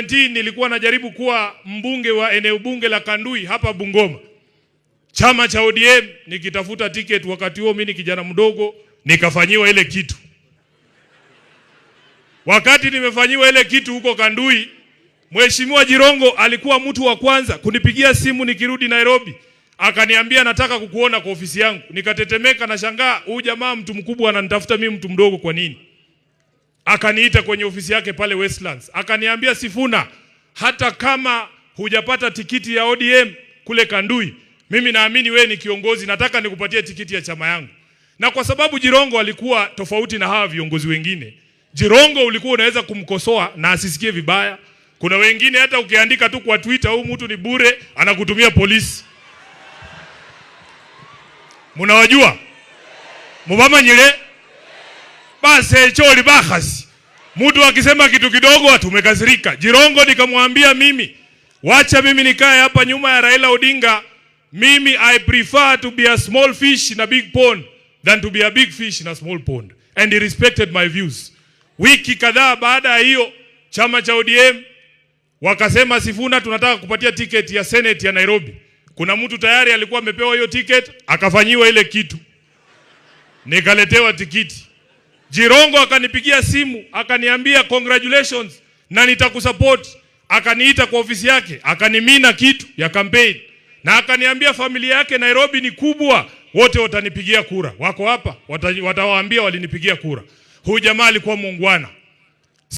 2017 nilikuwa najaribu kuwa mbunge wa eneo bunge la Kandui hapa Bungoma, chama cha ODM, nikitafuta tiketi. Wakati huo mimi ni kijana mdogo, nikafanyiwa ile kitu. Wakati nimefanyiwa ile kitu huko Kandui, Mheshimiwa Jirongo alikuwa mtu wa kwanza kunipigia simu nikirudi Nairobi, akaniambia nataka kukuona kwa ofisi yangu. Nikatetemeka na shangaa, huyu jamaa mtu mkubwa ananitafuta mimi mtu mdogo, kwa nini? akaniita kwenye ofisi yake pale Westlands, akaniambia Sifuna, hata kama hujapata tikiti ya ODM kule Kandui, mimi naamini wewe ni kiongozi, nataka nikupatie tikiti ya chama yangu. Na kwa sababu Jirongo alikuwa tofauti na hawa viongozi wengine, Jirongo ulikuwa unaweza kumkosoa na asisikie vibaya. Kuna wengine hata ukiandika tu kwa Twitter, huyu mtu ni bure, anakutumia polisi. Munawajua Mubama Nyile basi basecholi bakhasi mtu akisema kitu kidogo atumekasirika Jirongo nikamwambia mimi, wacha mimi nikae hapa nyuma ya Raila Odinga. Mimi I prefer to be a small fish in a big pond than to be a big fish in a small pond, and he respected my views. Wiki kadhaa baada ya hiyo, chama cha ODM wakasema, Sifuna, tunataka kupatia tiketi ya senate ya Nairobi. Kuna mtu tayari alikuwa amepewa hiyo tiketi akafanyiwa ile kitu, nikaletewa tikiti Jirongo akanipigia simu akaniambia congratulations na nitakusupport. Akaniita kwa ofisi yake akanimina kitu ya campaign na akaniambia familia yake Nairobi ni kubwa, wote watanipigia kura, wako hapa, watawaambia walinipigia kura. Huyu jamaa alikuwa muungwana.